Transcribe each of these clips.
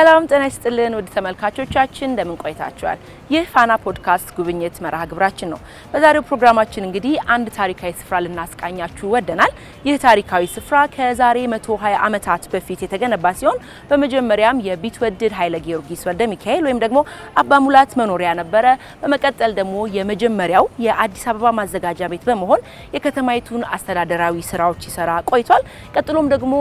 ሰላም ጤና ይስጥልን ውድ ተመልካቾቻችን እንደምን ቆይታችኋል? ይህ ፋና ፖድካስት ጉብኝት መርሃ ግብራችን ነው። በዛሬው ፕሮግራማችን እንግዲህ አንድ ታሪካዊ ስፍራ ልናስቃኛችሁ ወደናል። ይህ ታሪካዊ ስፍራ ከዛሬ 120 ዓመታት በፊት የተገነባ ሲሆን በመጀመሪያም የቢትወደድ ኃይለ ጊዮርጊስ ወልደ ሚካኤል ወይም ደግሞ አባ ሙላት መኖሪያ ነበረ። በመቀጠል ደግሞ የመጀመሪያው የአዲስ አበባ ማዘጋጃ ቤት በመሆን የከተማይቱን አስተዳደራዊ ስራዎች ይሰራ ቆይቷል። ቀጥሎም ደግሞ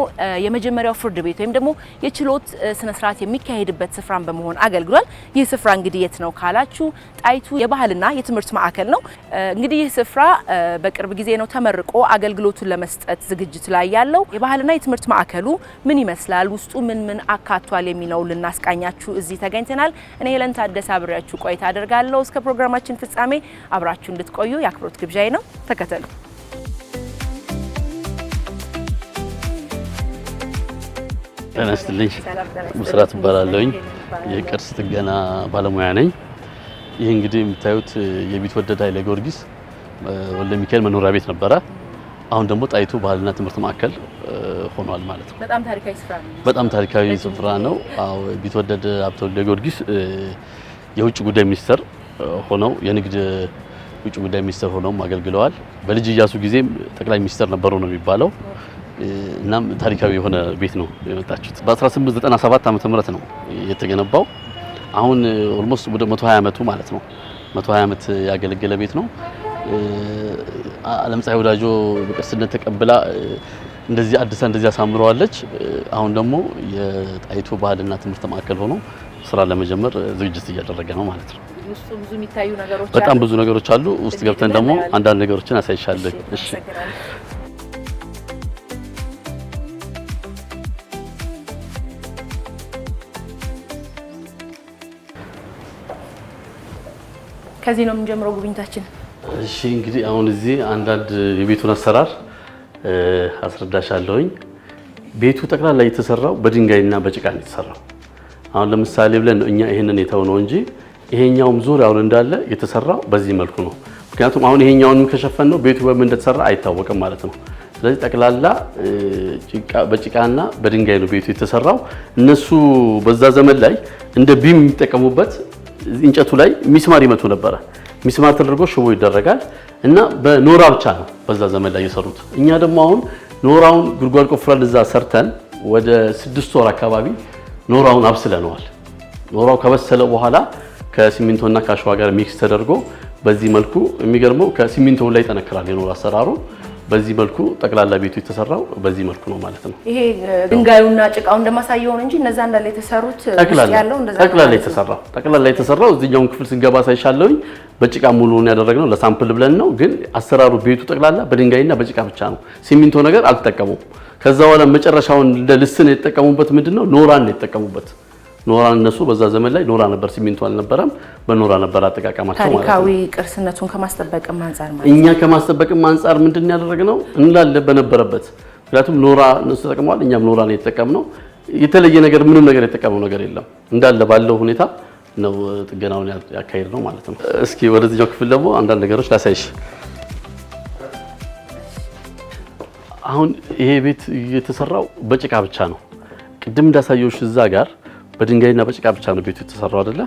የመጀመሪያው ፍርድ ቤት ወይም ደግሞ የችሎት ስነስርዓት የሚካሄድበት ስፍራን በመሆን አገልግሏል። ይህ ስፍራ እንግዲህ የት ነው ካላችሁ ጣይቱ የባህልና የትምህርት ማዕከል ነው። እንግዲህ ይህ ስፍራ በቅርብ ጊዜ ነው ተመርቆ አገልግሎቱን ለመስጠት ዝግጅት ላይ ያለው። የባህልና የትምህርት ማዕከሉ ምን ይመስላል፣ ውስጡ ምን ምን አካቷል የሚለው ልናስቃኛችሁ እዚህ ተገኝተናል። እኔ ሄለን ታደሰ አብሬያችሁ ቆይታ አደርጋለሁ። እስከ ፕሮግራማችን ፍጻሜ አብራችሁ እንድትቆዩ የአክብሮት ግብዣዬ ነው። ተከተሉ። ጤና ይስጥልኝ። ብስራት እባላለሁኝ የቅርስ ጥገና ባለሙያ ነኝ። ይህ እንግዲህ የምታዩት የቢትወደድ ኃይለ ጊዮርጊስ ወልደ ሚካኤል መኖሪያ ቤት ነበረ። አሁን ደግሞ ጣይቱ ባህልና ትምህርት ማዕከል ሆኗል ማለት ነው። በጣም ታሪካዊ ስፍራ ነው። አዎ ቢትወደድ ሀብተ ወልደ ጊዮርጊስ የውጭ ጉዳይ ሚኒስትር ሆነው የንግድ ውጭ ጉዳይ ሚኒስትር ሆነውም አገልግለዋል። በልጅ እያሱ ጊዜም ጠቅላይ ሚኒስትር ነበሩ ነው የሚባለው። እናም ታሪካዊ የሆነ ቤት ነው የመጣችሁት። በ1897 ዓመተ ምህረት ነው የተገነባው። አሁን ኦልሞስት ወደ 120 ዓመቱ ማለት ነው። 120 ዓመት ያገለገለ ቤት ነው። አለም ፀሐይ ወዳጆ በቅርስነት ተቀብላ እንደዚህ አዲሳ እንደዚህ አሳምረዋለች። አሁን ደግሞ የጣይቱ ባህልና ትምህርት ማዕከል ሆኖ ስራ ለመጀመር ዝግጅት እያደረገ ነው ማለት ነው። በጣም ብዙ ነገሮች አሉ። ውስጥ ገብተን ደግሞ አንዳንድ ነገሮችን አሳይሻለሁ። እሺ። ከዚህ ነው የምንጀምረው ጉብኝታችን። እሺ እንግዲህ አሁን እዚህ አንዳንድ የቤቱን አሰራር አስረዳሽ አለውኝ ቤቱ ጠቅላላ የተሰራው በድንጋይና በጭቃ ነው የተሰራው። አሁን ለምሳሌ ብለን እኛ ይሄንን የተው ነው እንጂ ይሄኛውም ዙሪያውን እንዳለ የተሰራው በዚህ መልኩ ነው። ምክንያቱም አሁን ይሄኛውንም ከሸፈን ነው ቤቱ በምን እንደተሰራ አይታወቅም ማለት ነው። ስለዚህ ጠቅላላ በጭቃና በድንጋይ ነው ቤቱ የተሰራው። እነሱ በዛ ዘመን ላይ እንደ ቢም የሚጠቀሙበት እንጨቱ ላይ ሚስማር ይመቱ ነበረ። ሚስማር ተደርጎ ሽቦ ይደረጋል እና በኖራ ብቻ ነው በዛ ዘመን ላይ የሰሩት። እኛ ደግሞ አሁን ኖራውን ጉድጓድ ቆፍረን እዛ ሰርተን ወደ ስድስት ወር አካባቢ ኖራውን አብስለነዋል። ኖራው ከበሰለ በኋላ ከሲሚንቶና ከአሸዋ ጋር ሚክስ ተደርጎ በዚህ መልኩ የሚገርመው ከሲሚንቶው ላይ ይጠነክራል የኖራ አሰራሩ። በዚህ መልኩ ጠቅላላ ቤቱ የተሰራው በዚህ መልኩ ነው ማለት ነው። ይሄ ድንጋዩና ጭቃው እንደማሳየው ነው እንጂ እነዛ እንዳለ የተሰሩት ያለው እንደዛ ጠቅላላ የተሰራው ጠቅላላ የተሰራው እዚህኛውን ክፍል ስንገባ ሳይሻለውኝ በጭቃ ሙሉውን ያደረግነው ለሳምፕል ብለን ነው። ግን አሰራሩ ቤቱ ጠቅላላ በድንጋይና በጭቃ ብቻ ነው። ሲሚንቶ ነገር አልተጠቀሙም። ከዛ በኋላ መጨረሻውን ለልስን የተጠቀሙበት ምንድን ነው ኖራን የተጠቀሙበት ኖራን እነሱ በዛ ዘመን ላይ ኖራ ነበር፣ ሲሚንቶ አልነበረም። በኖራ ነበር አጠቃቀማቸው። ታሪካዊ ቅርስነቱን ከማስጠበቅም አንጻር ማለት እኛ ከማስጠበቅም አንጻር ምንድን ነው እንላለ በነበረበት ምክንያቱም ኖራ እነሱ ተጠቅመዋል፣ እኛም ኖራ ነው የተጠቀምነው። የተለየ ነገር ምንም ነገር የተጠቀመው ነገር የለም እንዳለ ባለው ሁኔታ ነው ጥገናውን ያካሄድ ነው ማለት ነው። እስኪ ወደዚህኛው ክፍል ደግሞ አንዳንድ ነገሮች ላሳይሽ። አሁን ይሄ ቤት የተሰራው በጭቃ ብቻ ነው። ቅድም እንዳሳየውሽ እዛ ጋር በድንጋይና በጭቃ ብቻ ነው ቤቱ የተሰራው አይደለ?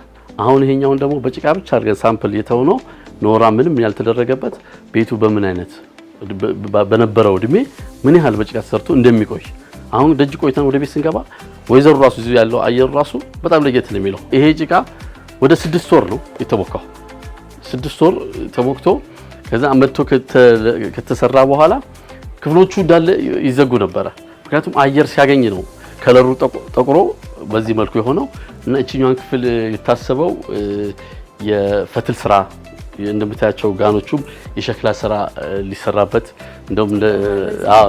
አሁን ይሄኛውን ደግሞ በጭቃ ብቻ አድርገን ሳምፕል የተውነው ኖራ ምንም ያልተደረገበት ቤቱ በምን አይነት በነበረው እድሜ ምን ያህል በጭቃ ተሰርቶ እንደሚቆይ አሁን ደጅ ቆይተን ወደ ቤት ስንገባ ወይዘሩ ራሱ እዚህ ያለው አየሩ ራሱ በጣም ለየት ነው የሚለው። ይሄ ጭቃ ወደ ስድስት ወር ነው የተቦካው። ስድስት ወር ተቦክቶ ከዛ መጥቶ ከተሰራ በኋላ ክፍሎቹ እንዳለ ይዘጉ ነበረ። ምክንያቱም አየር ሲያገኝ ነው ከለሩ ጠቁሮ በዚህ መልኩ የሆነው እና እችኛዋን ክፍል የታሰበው የፈትል ስራ እንደምታያቸው ጋኖቹም የሸክላ ስራ ሊሰራበት እንደውም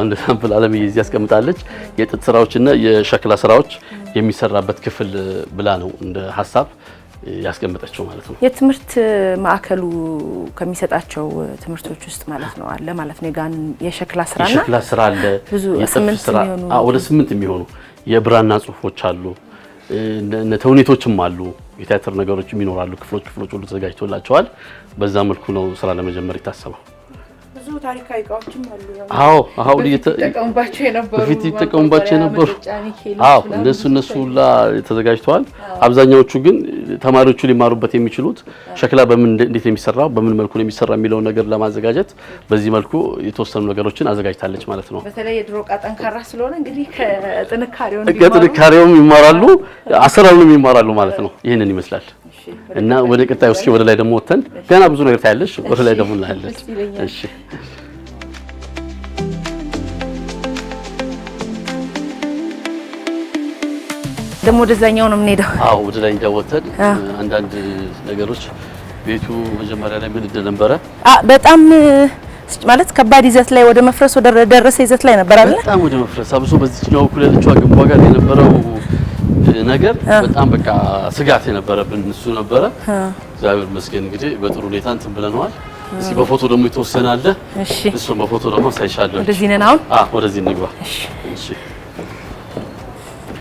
እንደ ሳምፕል አለም እዚህ ያስቀምጣለች የጥጥ ስራዎች ስራዎችና የሸክላ ስራዎች የሚሰራበት ክፍል ብላ ነው እንደ ሀሳብ ያስቀምጠችው ማለት ነው። የትምህርት ማዕከሉ ከሚሰጣቸው ትምህርቶች ውስጥ ማለት ነው አለ ማለት ነው የሸክላ ስራ ስራ አለ ብዙ ስምንት ወደ ስምንት የሚሆኑ የብራና ጽሁፎች አሉ፣ ተውኔቶችም አሉ፣ የቲያትር ነገሮችም ይኖራሉ። ክፍሎች ክፍሎች ሁሉ ተዘጋጅቶላቸዋል። በዛ መልኩ ነው ስራ ለመጀመር የታሰበው። ታሪካዊ እቃዎችም አሉ። አዎ ይጠቀሙባቸው የነበሩ በፊት ይጠቀሙባቸው የነበሩ አዎ፣ እነሱ እነሱ ሁላ ተዘጋጅተዋል። አብዛኛዎቹ ግን ተማሪዎቹ ሊማሩበት የሚችሉት ሸክላ በምን እንዴት ነው በምን መልኩ ነው የሚሰራ የሚለውን ነገር ለማዘጋጀት በዚህ መልኩ የተወሰኑ ነገሮችን አዘጋጅታለች ማለት ነው። በተለይ የድሮ እቃ ጠንካራ ስለሆነ እንግዲህ ከጥንካሬው ይማራሉ፣ አሰራሩንም ይማራሉ ማለት ነው። ይህንን ይመስላል። እና ወደ ቀጣዩ እስኪ ወደ ላይ ደግሞ ወተን ገና ብዙ ነገር ታያለሽ። ወደ ላይ ደግሞ እናያለን። እሺ ደግሞ ወደዛኛው ነው የምንሄደው። አዎ ወደ ላይ እንዳወተን አንዳንድ ነገሮች ቤቱ መጀመሪያ ላይ ምን እንደነበረ በጣም ማለት ከባድ ይዘት ላይ ወደ መፍረስ ወደ ደረሰ ይዘት ላይ ነበር አይደል? በጣም ወደ መፍረስ አብሶ በዚህኛው ኩለልቿ ግንቧ ጋር የነበረው ነገር በጣም በቃ ስጋት የነበረብን እሱ ነበረ። እግዚአብሔር ይመስገን እንግዲህ በጥሩ ሁኔታ እንትን ብለነዋል። እስኪ በፎቶ ደግሞ የተወሰነ አለ። እሺ፣ እሱን በፎቶ ደግሞ ሳይሻለ ወደዚህ ነን አሁን። አዎ፣ ወደዚህ እንግባ። እሺ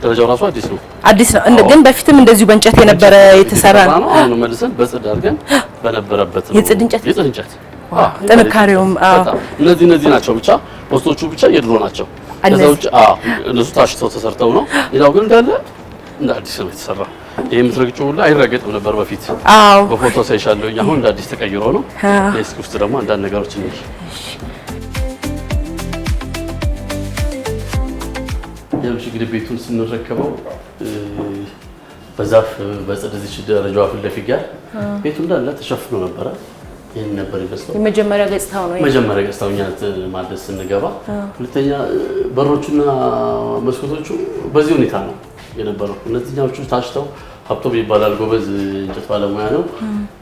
ደረጃው ራሱ አዲስ ነው፣ አዲስ ነው። ግን በፊትም እንደዚሁ በእንጨት የነበረ የተሰራ ነው። አሁን መልሰን በጽድ አድርገን በነበረበት ነው። የጽድ እንጨት የጽድ እንጨት ጥንካሬውም። አዎ፣ እነዚህ እነዚህ ናቸው። ብቻ ፖስቶቹ ብቻ የድሮ ናቸው። አዎ፣ እነሱ ታሽተው ተሰርተው ነው። ሌላው ግን እንዳለ እንደ አዲስ ነው የተሰራ። ይሄ የምትረግጭው ሁሉ አይረገጥም ነበር በፊት። አዎ በፎቶ ሳይሻለኝ አሁን እንደ አዲስ ተቀይሮ ነው። እስኪ ውስጥ ደግሞ አንዳንድ ነገሮች ነው። እንይ። ያምሽ ግድ ቤቱን ስንረከበው በዛፍ በጸደዚች እዚች ደረጃዋ ፊት ለፊት ጋር ቤቱ እንዳለ ተሸፍኖ ነበረ። ይህን ነበር ይመስለው የመጀመሪያ ገጽታው ነው። መጀመሪያ ገጽታው እኛ ማለት ስንገባ፣ ሁለተኛ በሮቹና መስኮቶቹ በዚህ ሁኔታ ነው የነበረው። እነዚህኛዎቹ ታሽተው ሀብቶም ይባላል ጎበዝ እንጨት ባለሙያ ነው።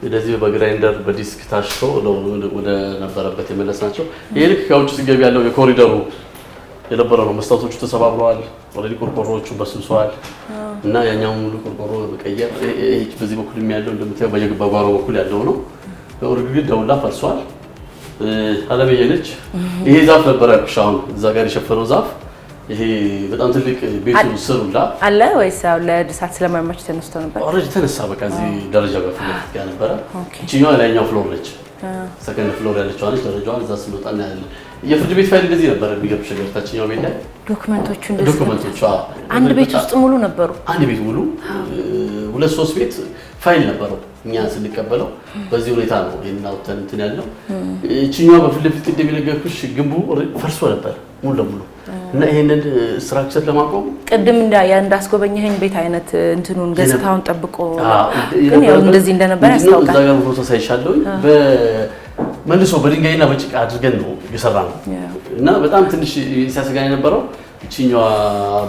እንደዚህ በግራይንደር በዲስክ ታሽቶ ወደ ነበረበት የመለስ ናቸው። ይህ ልክ ከውጭ ስገቢ ያለው የኮሪደሩ የነበረ ነው። መስታወቶቹ ተሰባብረዋል። ኦልሬዲ ቆርቆሮዎቹ በስብሰዋል እና ያኛው ሙሉ ቆርቆሮ በመቀየር በዚህ በኩል የሚያለው እንደምታየው በጓሮ በኩል ያለው ነው። ግድግዳው ደውላ ፈርሷል። አለመየነች ይሄ ዛፍ ነበረ ያልኩሽ አሁን እዛ ጋር የሸፈነው ዛፍ ይሄ በጣም ትልቅ ቤቱ ስሩላ አለ ወይስ ያው ለእድሳት ስለማይመች ተነስቶ ነበር? ኦልሬዲ ተነሳ። በቃ እዚህ ደረጃ በፊት ነበረ። ይችኛዋ ላይኛው ፍሎር ነች፣ ሰከንድ ፍሎር ያለችዋ ነች። ደረጃዋን እዛ ስንወጣ እናያለን። የፍርድ ቤት ፋይል እንደዚህ ነበረ። የሚገርምሽ ነገር ታችኛው ቤት ላይ ዶክመንቶቹ እንደዚህ ዶክመንቶቹ አንድ ቤት ውስጥ ሙሉ ነበሩ። አንድ ቤት ሙሉ ሁለት ሶስት ቤት ፋይል ነበረው እኛ ስንቀበለው በዚህ ሁኔታ ነው ይሄን አውጥተን እንትን ያለው። እቺኛው በፊት ለፊት ቅድም የነገርኩሽ ግንቡ ፈርሶ ነበር ሙሉ ለሙሉ እና ይሄንን ስትራክቸር ለማቆም ቅድም እንዳስጎበኘኸኝ ቤት አይነት እንትኑን ገጽታውን ጠብቆ ግን ያው እንደዚህ እንደነበር ያስታውቃል። እዛ ጋር ፎቶ በ መልሶ በድንጋይና በጭቃ አድርገን ነው እየሰራ ነው እና በጣም ትንሽ ሲያሰጋኝ የነበረው እችኛዋ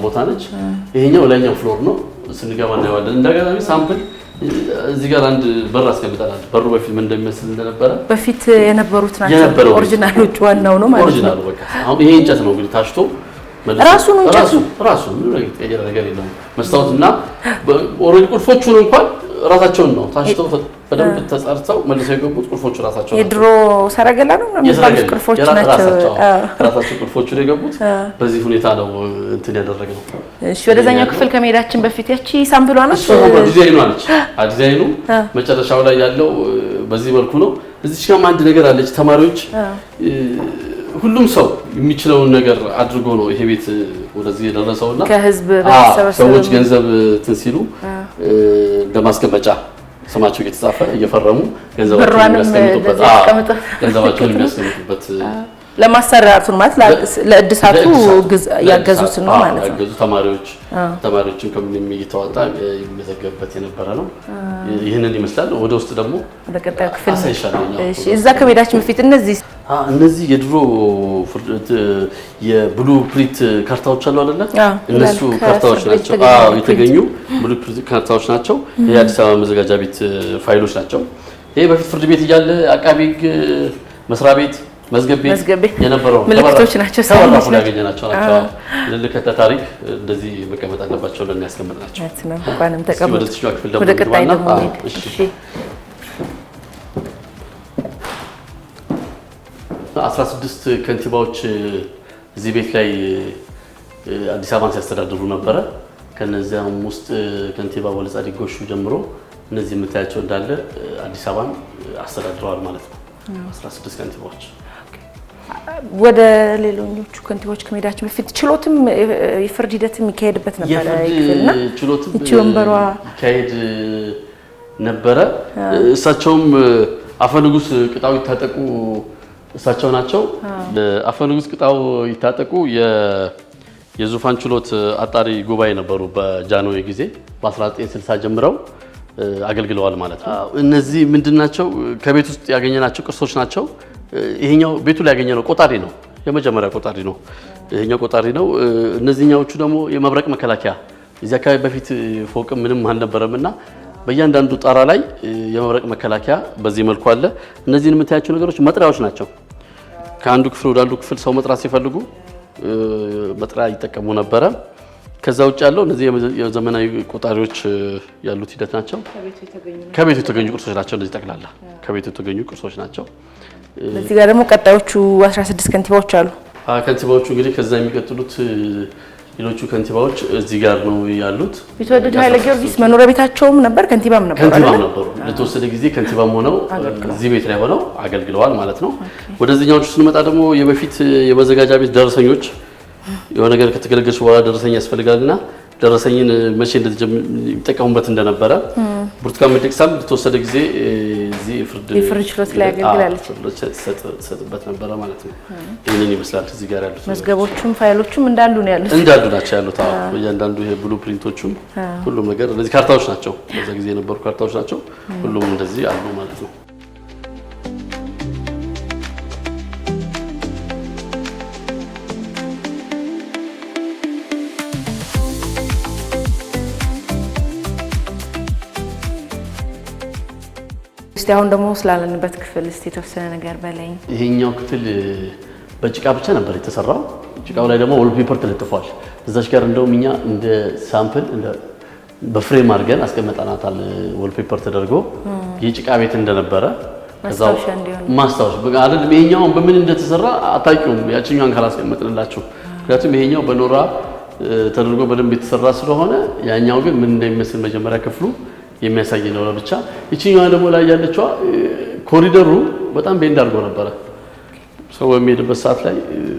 ቦታ ነች። ይሄኛው ላይኛው ፍሎር ነው ስንገባ እናየዋለን። እንደ አጋጣሚ ሳምፕል እዚህ ጋር አንድ በር አስቀምጠናል። በሩ በፊት ምን እንደሚመስል እንደነበረ በፊት የነበሩት ናቸው ኦሪጂናሎቹ። ዋናው ነው ማለት ነው። አሁን ይሄ እንጨት ነው እንግዲህ ታሽቶ ራሱ ነው እንጨቱ ራሱ ምንም ነገር የቀየረ ነገር የለም። መስታወት እና ኦልሬዲ ቁልፎቹን እንኳን ራሳቸውን ነው ታሽተው በደንብ ተጸርተው መልሰው የገቡት ቁልፎቹ ራሳቸው ናቸው። የድሮ ሰረገላ ነው የሚባሉት ቁልፎች ናቸው። ራሳቸው ቁልፎቹ ነው የገቡት። በዚህ ሁኔታ ነው እንትን ያደረግነው። እሺ፣ ወደዛኛው ክፍል ከመሄዳችን በፊት ያቺ ሳምብሏ ነች፣ ዲዛይኑ አለች። ዲዛይኑ መጨረሻው ላይ ያለው በዚህ መልኩ ነው። እዚች ጋርም አንድ ነገር አለች። ተማሪዎች ሁሉም ሰው የሚችለውን ነገር አድርጎ ነው ይሄ ቤት ወደዚህ የደረሰውና ከህዝብ ሰዎች ገንዘብ እንትን ሲሉ ለማስቀመጫ ስማቸው እየተጻፈ እየፈረሙ ገንዘባቸውን የሚያስቀምጡበት ለማሰራቱን ማለት ለእድሳቱ ያገዙት ነው ማለት ነው። ተማሪዎች ተማሪዎችን ከምንም እየተዋጣ የሚመዘገብበት የነበረ ነው። ይህንን ይመስላል። ወደ ውስጥ ደግሞ በቀጣዩ ክፍል እዛ ከመሄዳችን በፊት እነዚህ እነዚህ የድሮ የብሉ ፕሪንት ካርታዎች አሉ አይደለ? እነሱ ካርታዎች ናቸው። አዎ የተገኙ ብሉ ፕሪንት ካርታዎች ናቸው። የአዲስ አበባ መዘጋጃ ቤት ፋይሎች ናቸው። ይሄ በፊት ፍርድ ቤት እያለ አቃቤ ሕግ መስሪያ ቤት መዝገብ ቤት የነበረው ምልክቶች ናቸው። ተባራፉ ያገኘ ናቸው። ልልክ ከታሪክ እንደዚህ መቀመጥ አለባቸው ብለን ያስቀመጥናቸው ነው። እንኳንም ተቀመጡ። ወደ ቀጣይ ደግሞ እሺ 16 ከንቲባዎች እዚህ ቤት ላይ አዲስ አበባን ሲያስተዳድሩ ነበረ። ከነዚያም ውስጥ ከንቲባ ወልደጻድቅ ጎሹ ጀምሮ እነዚህ የምታያቸው እንዳለ አዲስ አበባን አስተዳድረዋል ማለት ነው። 16 ከንቲባዎች። ወደ ሌሎኞቹ ከንቲባዎች ከመሄዳችን በፊት ችሎትም የፍርድ ሂደት የሚካሄድበት ነበረ። ችሎትም ወንበሯ ይካሄድ ነበረ። እሳቸውም አፈ ቅጣዊ ቅጣው ይታጠቁ እሳቸው ናቸው። አፈ ንጉሥ ቅጣው ይታጠቁ የዙፋን ችሎት አጣሪ ጉባኤ ነበሩ። በጃንሆይ ጊዜ በ1960 ጀምረው አገልግለዋል ማለት ነው። እነዚህ ምንድን ናቸው? ከቤት ውስጥ ያገኘናቸው ቅርሶች ናቸው። ይሄኛው ቤቱ ላይ ያገኘነው ቆጣሪ ነው። የመጀመሪያ ቆጣሪ ነው። ይሄኛው ቆጣሪ ነው። እነዚህኛዎቹ ደግሞ የመብረቅ መከላከያ እዚህ አካባቢ በፊት ፎቅ ምንም አልነበረም እና በእያንዳንዱ ጣራ ላይ የመብረቅ መከላከያ በዚህ መልኩ አለ። እነዚህን የምታያቸው ነገሮች መጥሪያዎች ናቸው። ከአንዱ ክፍል ወደ አንዱ ክፍል ሰው መጥራት ሲፈልጉ መጥሪያ ይጠቀሙ ነበረ። ከዛ ውጭ ያለው እነዚህ የዘመናዊ ቆጣሪዎች ያሉት ሂደት ናቸው። ከቤቱ የተገኙ ቅርሶች ናቸው። እነዚህ ጠቅላላ ከቤቱ የተገኙ ቅርሶች ናቸው። እዚህ ጋር ደግሞ ቀጣዮቹ 16 ከንቲባዎች አሉ። ከንቲባዎቹ እንግዲህ ከዛ የሚቀጥሉት ሌሎቹ ከንቲባዎች እዚህ ጋር ነው ያሉት። ቢትወደድ ኃይለ ጊዮርጊስ መኖሪያ ቤታቸውም ነበር፣ ከንቲባም ነበሩ። ከንቲባም ነበሩ። ለተወሰነ ጊዜ ከንቲባም ሆነው እዚህ ቤት ላይ ሆነው አገልግለዋል ማለት ነው። ወደዚህኛዎቹ ስንመጣ ደግሞ የበፊት የመዘጋጃ ቤት ደረሰኞች የሆነ ነገር ከተገለገሱ በኋላ ደረሰኝ ያስፈልጋልና ደረሰኝን መቼ ይጠቀሙበት እንደነበረ ብርቱካን መደቅሳም ለተወሰነ ጊዜ እዚህ የፍርድ ችሎት ላይ አገልግላለች ሰጥበት ነበረ ማለት ነው። ይህንን ይመስላል እዚህ ጋር ያሉት መዝገቦቹም ፋይሎቹም እንዳሉ ነው ያሉት እንዳሉ ናቸው ያሉት። እያንዳንዱ ይሄ ብሉ ፕሪንቶቹም ሁሉም ነገር እነዚህ ካርታዎች ናቸው፣ በዛ ጊዜ የነበሩ ካርታዎች ናቸው። ሁሉም እንደዚህ አሉ ማለት ነው። እስቲ አሁን ደግሞ ስላለንበት ክፍል እስቲ የተወሰነ ነገር በለኝ። ይሄኛው ክፍል በጭቃ ብቻ ነበር የተሰራው። ጭቃው ላይ ደግሞ ወልፔፐር ተለጥፏል። እዛች ጋር እንደውም እኛ እንደ ሳምፕል በፍሬም አድርገን አስቀመጠናታል። ወልፔፐር ተደርጎ የጭቃ ቤት እንደነበረ ማስታወሻ አይደለም። በምን እንደተሰራ አታውቂውም፣ ያችኛን ካላስቀመጥንላችሁ። ምክንያቱም ይሄኛው በኖራ ተደርጎ በደንብ የተሰራ ስለሆነ ያኛው ግን ምን እንደሚመስል መጀመሪያ ክፍሉ የሚያሳይ ነው ብቻ። ይችኛዋ ደግሞ ላይ ያለችዋ ኮሪደሩ በጣም ቤንድ አድርጎ ነበረ። ሰው በሚሄድበት ሰዓት ላይ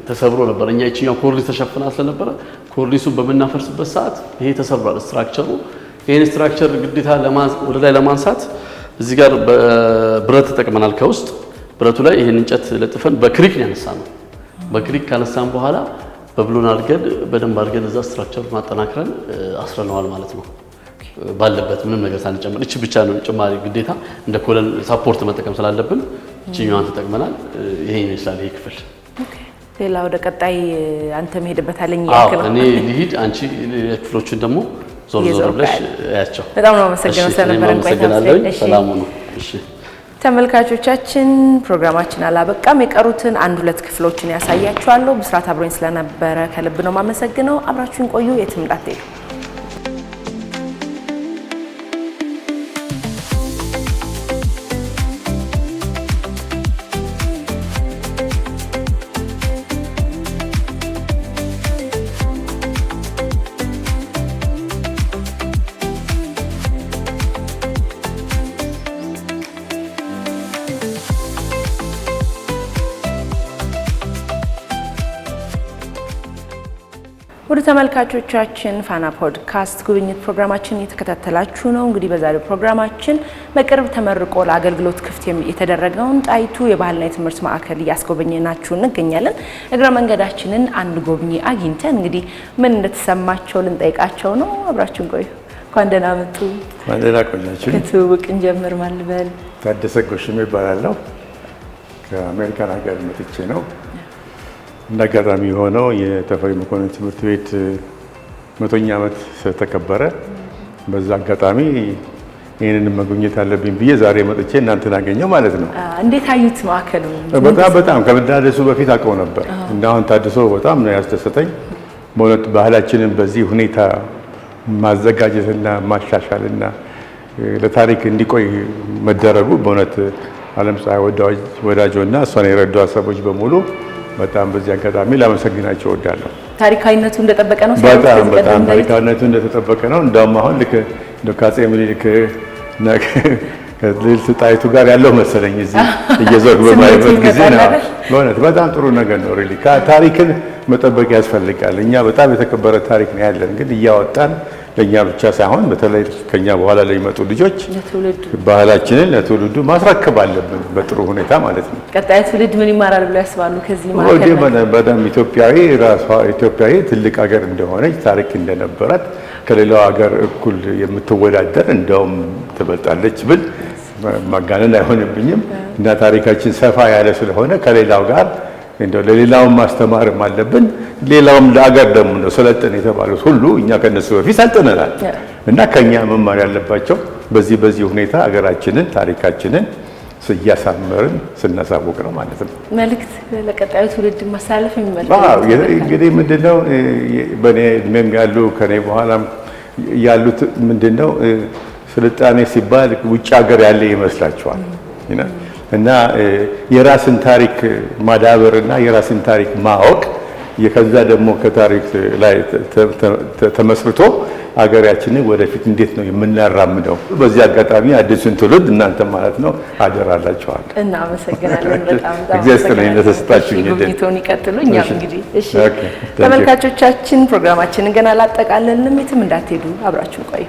ተሰብሮ ነበር። እኛ ይችኛው ኮርኒስ ተሸፍና ስለነበረ ኮርኒሱን በምናፈርስበት ሰዓት ይሄ ተሰብሯል ስትራክቸሩ። ይህን ስትራክቸር ግዴታ ወደ ላይ ለማንሳት እዚህ ጋር ብረት ተጠቅመናል። ከውስጥ ብረቱ ላይ ይህን እንጨት ለጥፈን በክሪክ ነው ያነሳ ነው። በክሪክ ካነሳን በኋላ በብሎን አድርገን በደንብ አድርገን እዛ ስትራክቸር ማጠናክረን አስረነዋል ማለት ነው። ባለበት ምንም ነገር ሳንጨምር እቺ ብቻ ነው ጭማሪ ግዴታ እንደ ኮለን ሳፖርት መጠቀም ስላለብን እችኛዋን ተጠቅመናል። ይሄ ይመስላል ይሄ ክፍል። ሌላ ወደ ቀጣይ አንተ መሄድበት አለኝ ያክል እኔ ሊሂድ፣ አንቺ ክፍሎችን ደግሞ ዞር ዞር ብለሽ ያቸው። በጣም ነው መሰገነው ስለነበረን ቆይታ። ሰላሙ ነው። እሺ ተመልካቾቻችን ፕሮግራማችን አላበቃም። የቀሩትን አንድ ሁለት ክፍሎችን ያሳያችኋለሁ። ብስራት አብሮኝ ስለነበረ ከልብ ነው የማመሰግነው። አብራችሁን ቆዩ፣ የትም እንዳትሄዱ። ወደ ተመልካቾቻችን ፋና ፖድካስት ጉብኝት ፕሮግራማችን እየተከታተላችሁ ነው። እንግዲህ በዛሬው ፕሮግራማችን በቅርብ ተመርቆ ለአገልግሎት ክፍት የተደረገውን ጣይቱ የባህልና የትምህርት ማዕከል እያስጎበኘናችሁ እንገኛለን። እግረ መንገዳችንን አንድ ጎብኚ አግኝተን እንግዲህ ምን እንደተሰማቸው ልንጠይቃቸው ነው። አብራችን ቆዩ። እንኳን ደህና መጡ። እንኳን ደህና ቆያችሁ። ከትውውቅ እንጀምር። ማልበል ታደሰ ጎሽም ይባላለሁ። ከአሜሪካን ሀገር መጥቼ ነው እንደ አጋጣሚ የሆነው የተፈሪ መኮንን ትምህርት ቤት መቶኛ ዓመት ስለተከበረ በዛ አጋጣሚ ይህንን መጎብኘት አለብኝ ብዬ ዛሬ መጥቼ እናንተን አገኘው ማለት ነው። እንዴት አዩት ማዕከሉ? በጣም በጣም ከመታደሱ በፊት አውቀው ነበር እና አሁን ታድሶ በጣም ነው ያስደሰተኝ። በእውነት ባህላችንን በዚህ ሁኔታ ማዘጋጀትና ማሻሻልና ለታሪክ እንዲቆይ መደረጉ በእውነት ዓለም ፀሐይ ወዳጆና እሷን የረዱ በሙሉ በጣም በዚህ አጋጣሚ ላመሰግናቸው እወዳለሁ። ታሪካዊነቱ እንደጠበቀ ነው። በጣም በጣም ታሪካዊነቱ እንደተጠበቀ ነው። እንደውም አሁን ልክ ካጼ ምኒልክ ልዕልት ጣይቱ ጋር ያለው መሰለኝ እዚህ እየዞርክ በማይበት ጊዜ ነው። በእውነት በጣም ጥሩ ነገር ነው። ሪሊ ታሪክን መጠበቅ ያስፈልጋል። እኛ በጣም የተከበረ ታሪክ ነው ያለን፣ ግን እያወጣን ለእኛ ብቻ ሳይሆን በተለይ ከኛ በኋላ ለሚመጡ ልጆች ባህላችንን ለትውልዱ ማስረከብ አለብን፣ በጥሩ ሁኔታ ማለት ነው። ቀጣይ ትውልድ ምን ይማራል ብለው ያስባሉ? ከዚህ በደም ኢትዮጵያዊ ራሷ ኢትዮጵያዊ ትልቅ ሀገር እንደሆነች ታሪክ እንደነበራት ከሌላው ሀገር እኩል የምትወዳደር እንደውም ትበልጣለች ብል ማጋነን አይሆንብኝም እና ታሪካችን ሰፋ ያለ ስለሆነ ከሌላው ጋር እንደው ለሌላውም ማስተማርም አለብን። ሌላውም ለአገር ደግሞ ነው ሰለጠን የተባሉት ሁሉ እኛ ከነሱ በፊት ሰልጥነናል እና ከኛ መማር ያለባቸው በዚህ በዚህ ሁኔታ አገራችንን ታሪካችንን እያሳመርን ስናሳውቅ ነው ማለት ነው። መልእክት ለቀጣዩ ትውልድ ማሳለፍ የሚመልክ እንግዲህ ምንድነው በእኔ እድሜም ያሉ ከኔ በኋላም ያሉት ምንድነው ስልጣኔ ሲባል ውጭ ሀገር ያለ ይመስላችኋል እና የራስን ታሪክ ማዳበር እና የራስን ታሪክ ማወቅ ከዛ ደግሞ ከታሪክ ላይ ተመስርቶ አገራችንን ወደፊት እንዴት ነው የምናራምደው? በዚህ አጋጣሚ አዲሱን ትውልድ እናንተ ማለት ነው አደራላችኋል። እናመሰግናለን። በጣም ይቀጥሉ። እኛም እንግዲህ እሺ፣ ተመልካቾቻችን ፕሮግራማችንን ገና አላጠቃለልንም። የትም እንዳትሄዱ አብራችሁን ቆዩ።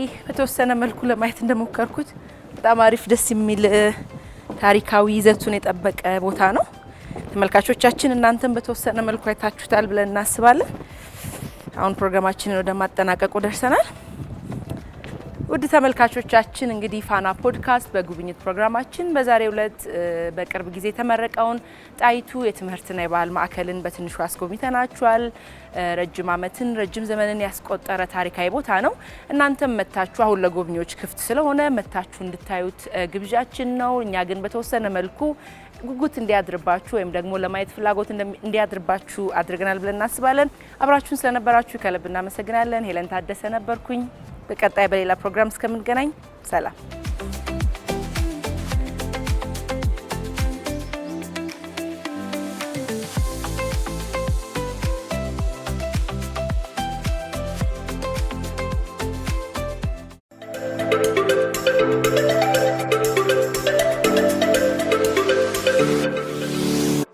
እንግዲህ በተወሰነ መልኩ ለማየት እንደሞከርኩት በጣም አሪፍ ደስ የሚል ታሪካዊ ይዘቱን የጠበቀ ቦታ ነው። ተመልካቾቻችን እናንተን በተወሰነ መልኩ አይታችሁታል ብለን እናስባለን። አሁን ፕሮግራማችንን ወደ ማጠናቀቁ ደርሰናል። ውድ ተመልካቾቻችን እንግዲህ ፋና ፖድካስት በጉብኝት ፕሮግራማችን በዛሬው ዕለት በቅርብ ጊዜ የተመረቀውን ጣይቱ የትምህርትና የባህል ማዕከልን በትንሹ አስጎብኝተናችኋል። ረጅም ዓመትን ረጅም ዘመንን ያስቆጠረ ታሪካዊ ቦታ ነው። እናንተም መታችሁ አሁን ለጎብኚዎች ክፍት ስለሆነ መታችሁ እንድታዩት ግብዣችን ነው። እኛ ግን በተወሰነ መልኩ ጉጉት እንዲያድርባችሁ ወይም ደግሞ ለማየት ፍላጎት እንዲያድርባችሁ አድርገናል ብለን እናስባለን። አብራችሁን ስለነበራችሁ ከልብ እናመሰግናለን። ሄለን ታደሰ ነበርኩኝ። በቀጣይ በሌላ ፕሮግራም እስከምንገናኝ ሰላም።